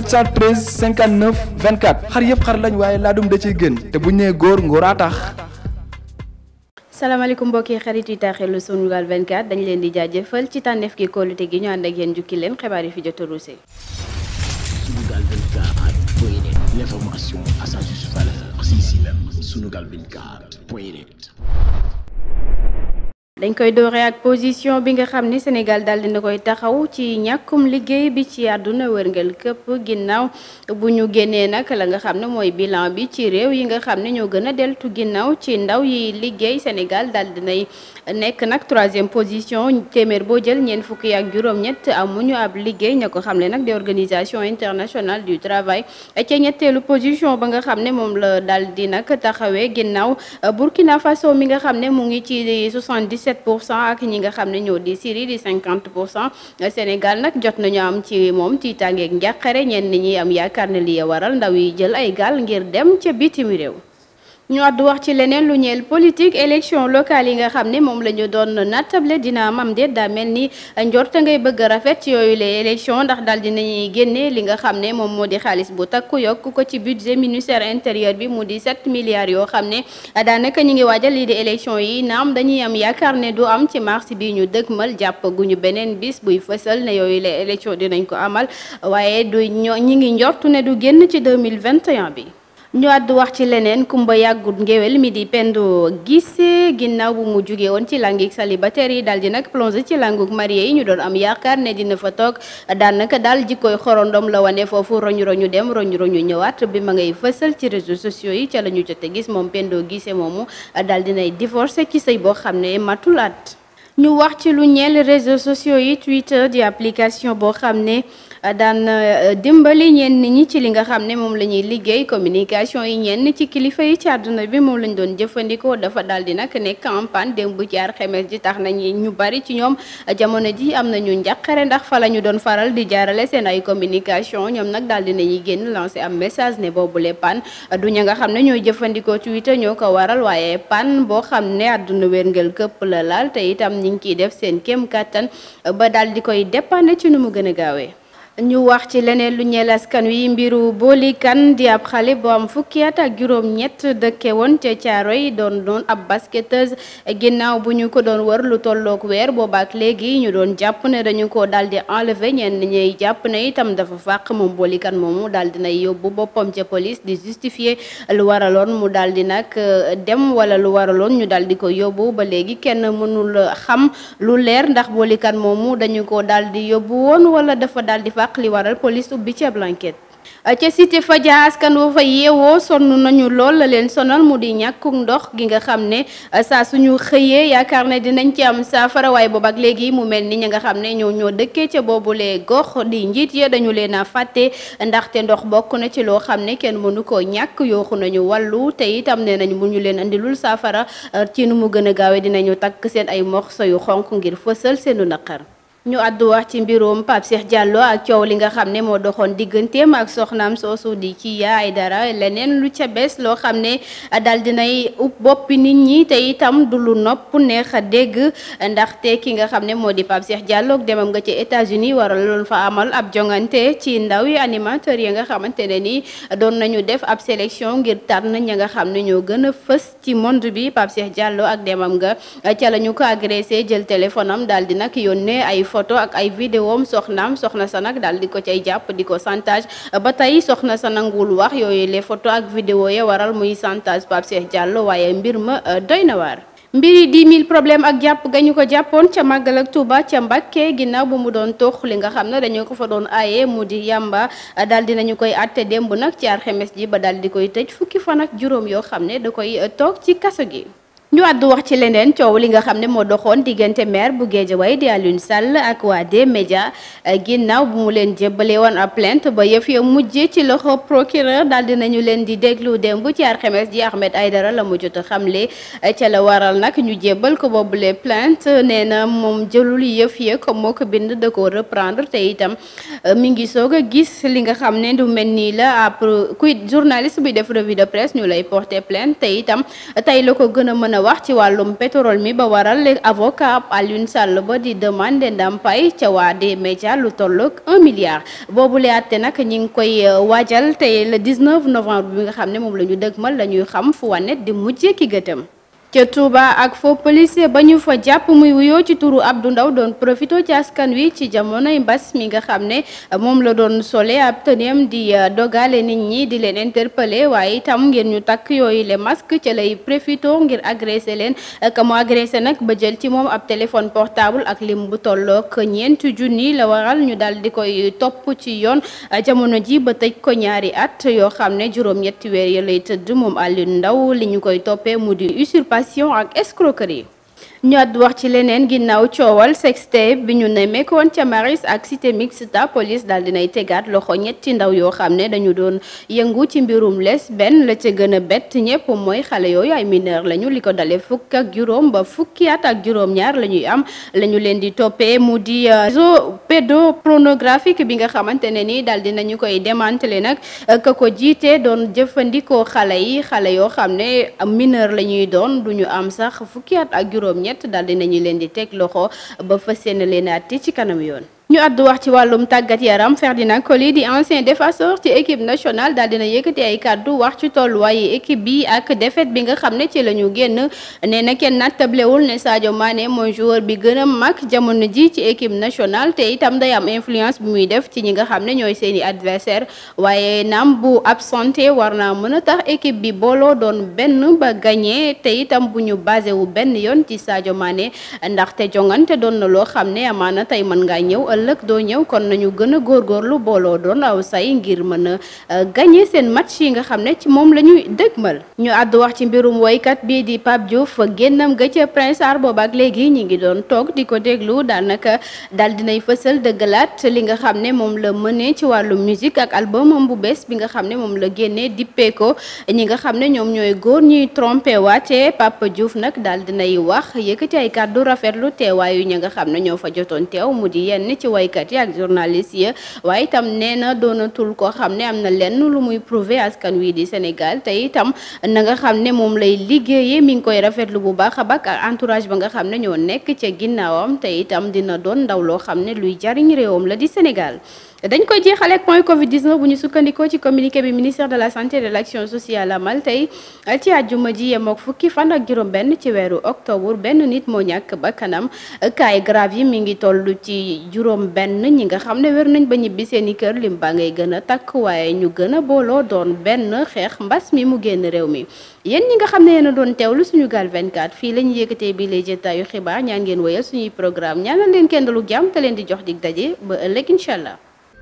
413 59 24 xar yëpp xar lañ waaye laadum da ciy gën te buñ ñu nee góor ngóoraa tax. salaamaaleykum mbokki xarit yi taaxeelu Sunugal 24 dañ leen di jaajëfal ci tànneef gi kóolute gi ñu ànd ak yéen leen xibaar yi fi jot a ruusee. dañ koy dooree ak position bi nga xam ne Sénégal daal na koy taxaw ci ñàkkum liggéey bi ci àdduna wërngal këpp ginnaaw bu ñu génnee nag la nga xam ne mooy bilan bi ci réew yi nga xam ne ñoo gën a deltu ginnaaw ci ndaw yi liggéey Sénégal daal dinay nekk nag troisième position téeméer boo jël ñeent fukki ak juróom-ñett amuñu ab liggéey ña ko xamle nag di organisation internationale du travail ca ñetteelu ba nga xam ne moom la daal di nag taxawee ginnaaw Burkina Faso mi nga xam ne mu ngi ci 77 17 pour cent ak ñi nga xam ne ñoo di Syrie di 50 pour cent Sénégal nag jot nañu am ci moom tiitaangeeg njàqare ñenn ñi am yaakaar ne li waral ndaw yi jël ay gaal ngir dem ca bitim réew. ñu àddu wax ci leneen lu ñeel politique élection locale yi nga xam ne moom la ñu doon nattable dina am déet daa mel ni njort ngay bëgg rafet ci yooyu les élections ndax daal dinañuy génne li nga xam ne moom moo di xaalis bu takk yokk ko ci budget ministère intérieur bi mu di 7 milliards yoo xam ne daanaka ñu ngi waajal lii di élection yi naam dañuy am yaakaar ne du am ci mars bi ñu dëgmal jàpp guñu beneen bis buy fësal ne yooyu les élections dinañ ko amal waaye du ñi ngi njortu ne du génn ci 2021 bi ñu àddu wax ci leneen kumba yàggut ngéwél mi di pendoo Guissé ginnaaw bu mu jugee woon ci langu célibataire yi daal di nag plongé ci langu marié yi ñu doon am yaakaar ne dina fa toog daanaka daal jikkooy xorondom la wane foofu roñu roñu dem roñu roñu ñëwaat bi ma ngay fësal ci réseaux sociaux yi ca la ñu jote gis moom Pendo Guissé moomu daal dinay divorcé ci sëy boo xam ne matulaat ñu wax ci lu ñeel réseaux sociaux yi Twitter di application boo xam ne daan euh, dimbali ñenn ñi ci li nga xam ne moom la ñuy liggéey communication yi ñenn ci kilifa yi ci àdduna bi moom lañ doon jëfandikoo dafa daal di nag nekk en panne démb ci alxames ji tax nañu ñu bari ci ñoom jamono ji am nañu njàqare ndax fa la ñu doon faral di jaarale seen ay communication ñoom nag di nañuy génn lancé am message ne boobu le panne du ña nga xam ne ñooy jëfandikoo Twitter ñoo ko waral waaye panne boo xam ne àdduna wérngel këpp la laal te itam ñu ngi ciy def seen kem kàttan ba daal di koy dépanner ci nu mu gën a gaawee. ñu wax ci leneen lu ñeel askan wi mbiru Boly di ab xale bu am fukki at ak juróom-ñett dëkke woon ca yi doon doon ab basketteuse ginnaaw bu ñu ko doon war lu tolloog weer boobaak léegi ñu doon jàpp ne dañu ko daal di enlever ñenn ñuy jàpp ne itam dafa fàq moom Boly Kane moomu daal di nay yóbbu boppam ca police di justifier lu waraloon mu daal di nag euh, dem wala lu waraloon ñu daal di ko yóbbu ba léegi kenn mënul xam lu leer ndax Boly Kane moomu dañu ko daal yóbbu woon wala dafa daal fàq ak li waral police ubbi ci ab ca cité Fadia askan wa fa yeewoo sonn nañu lool la leen sonal mu di ñàkkuk ndox gi nga xam ne saa suñu xëyee yaakaar ne dinañ ci am saafara waaye boobu ak léegi mu mel ni ñi nga xam ne ñoo ñoo dëkkee ca boobu lee gox di njiit yi dañu leen a fàtte ndaxte ndox bokk na ci loo xam ne kenn mënu ko ñàkk yooxu nañu wàllu te itam ne nañu bu ñu leen andilul saafara ci nu mu gën a gaawee dinañu takk seen ay morso yu xonk ngir fësal seenu naqar ñu àddu wax ci mbiroom Pape Cheikh ak coow li nga xam ne moo doxoon digganteem ak soxnaam soosu di yaay dara leneen lu ca bees loo xam ne daal dinay ub boppi nit ñi te itam du lu nopp neex a dégg ndaxte ki nga xam ne moo di Pape Cheikh Diallo nga ci États-Unis waral loolu fa amal ab jongante ci ndaw yi yi nga xamante ne ni doon nañu def ab sélection ngir nañ ña nga xam ne ñoo gën a fës ci monde bi Pape jàlloo ak demam nga ca la ko agressé jël téléphone am daal nag yónnee photo ak ay vidéom soxnaam soxna sa nag daal di ko cay jàpp di ko chantage ba tey soxna sa nanguwul wax yooyu les photo ak vidéo ya waral muy chantage Pape Cheikh Diallo waaye mbir ma euh, doy na waar mbiri 10 000 problème ak jàpp ga ñu ko jàppoon ca màggal ak Touba ca Mbàkke ginnaaw bu mu doon tox li nga xam ne dañoo ko fa doon aaye mu di yamba euh, daal di nañu koy àtte demb nag ci alxames ji ba daal di koy tëj fukki fan ak juróom yoo xam ne da koy euh, toog ci kaso gi. ñu àddu wax ci leneen coow li nga xam ne moo doxoon diggante maire bu Guédiawaye di Alioune Sall ak waa D-Média eh, ginnaaw bu mu leen jébbalee woon ab plainte ba yëf ya mujje ci loxo procureur daal nañu leen di déglu démb ci alxames ji ay dara la mu jot a xamle eh, ca la waral nag ñu jébbal ko boobule plainte nee na moom jëlul yëf ya comme moo ko bind da koo reprendre te itam eh, mi ngi soog a gis li nga xam ne du mel nii la après kuy journaliste buy def revue de ñu lay porter plainte wax ci wàllum pétrole mi ba waral avocat Alioune Sall ba di demande ndàmpaay ca waa des médias lu tolloog 1 milliard boobu la àtte nag ñi ngi koy euh, waajal tey le 19 novembre bi nga xam ne moom la ñu dëgmal la ñuy xam fu wànet di mujjee ki gëtam ca Touba ak fo policier ba ñu fa jàpp muy wuyoo ci turu Abdou Ndaw doon profito ci askan wi ci jamonoy mbas mi nga xam ne moom la doon sole ab tëneem di euh, dogale nit ñi di leen interpeller waaye itam ngeen ñu takk yooyu le masque ca lay profito ngir agressé leen ka mu agressé nag ba jël ci moom ab téléphone portable ak lim bu tollook ñeenti junni la waral ñu dal di koy topp ci yoon jamono ji ba tëj ko ñaari at yoo xam ne juróom-ñetti weer ya lay tëdd moom Aliou Ndaw li koy toppee diffamation ak escroquerie ñoot wax ci leneen ginnaaw coowal sextape bi ñu nemmeekoon ca Maris ak cité mixta police daal dinay tegaat loxo ñetti ndaw yoo xam ne dañu doon yëngu ci mbirum les benn la ca gën a bett ñëpp mooy xale yooyu ay mineur lañu li ko dale fukk ak juróom ba fukki at ak juróom-ñaar la ñuy am la ñu leen di toppee mu di euh, pédopornographique bi nga xamante ne nii daal nañu koy démantelé nag euh, ka ko jiite doon jëfandikoo xale yi xale yoo xam ne mineur la ñuy doon duñu am sax fukki juróom ñett daal nañu leen di teg loxo ba fa yéene leen àtte ci kanam yoon. ñu àddu wax ci wàllum tàggat yaram Ferdinand Coly di ancien défenseur ci équipe nationale daal dina yëkkati ay kàddu wax ci tolluwaayu équipe bi ak défaite bi nga xam ne ci la ñu génn nee na kenn nattablewul ne Sadio Mané mooy joueur bi gën a mag jamono ji ci équipe nationale te itam day am influence bi muy def ci ñi nga xam ne ñooy seeni adversaire waaye naam bu absenté war naa mën a tax équipe bi booloo doon benn ba gagné te itam bu ñu basé wu benn yoon ci Sadio Mané ndaxte jongante doon na loo xam ne amaana tey mën ngaa ñëw ëllëg doo ñëw kon nañu gën a góorgóorlu booloo doon aw say ngir mën a euh, gagné seen match yi nga xam ne ci moom la ñuy dëgmal ñu àddu wax ci mbirum woykat bii di Pape Diouf génnam ga ca Prince Art ak léegi ñi ngi doon toog di ko déglu daanaka daal dinay fësal dëggalaat li nga xam ne moom la mënee ci wàllu musique ak albumam bu bees bi nga xam ne moom la génnee dippee ko ñi nga xam ne ñoom ñooy góor ñuy trompé waate Pape Diouf nag daal dinay wax yëkkati ay kàddu rafetlu teewaayu ñi nga xam ne ñoo fa jotoon waykat yi ak journaliste yi waaye itam nee na doonatul koo xam ne am na lenn lu muy prouve askan wii di Sénégal tey itam na nga xam ne moom lay liggéeyee mi ngi koy rafetlu bu baax a baax ak entourage ba nga xam ne ñoo nekk ca ginnaawam te itam dina doon ndaw loo xam ne luy jariñ réewam la di Sénégal dañ koy jeexale ak point Covid 19 bu ñu sukkandikoo ci communiqué bi ministère de la santé et de l' action sociale amal tey ci àjjuma ji yemook fukki fan ak juróom-benn ci weeru octobre benn nit moo ñàkk ba kanam kaay grave yi mi ngi toll ci juróom-benn ñi nga xam ne wér nañ ba ñibbi seen i kër lim baa ngay gën a takk waaye ñu gën a booloo doon benn xeex mbas mi mu génn réew mi. yéen ñi nga xam ne yéen a doon teewlu suñu gaal 24 fii la ñu yëkkatee bi les jotaayu xibaar ñaan ngeen wéyal suñuy programme ñaanal leen kenn lu jàmm leen di jox dig daje ba ëllëg incha allah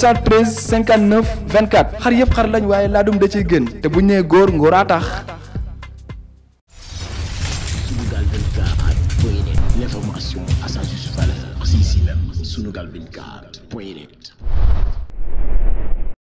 713 59 24 xar yëpp xar lañ waaye laadum da ciy gën te bu nee góor ngóoraa tax. Sunugal 24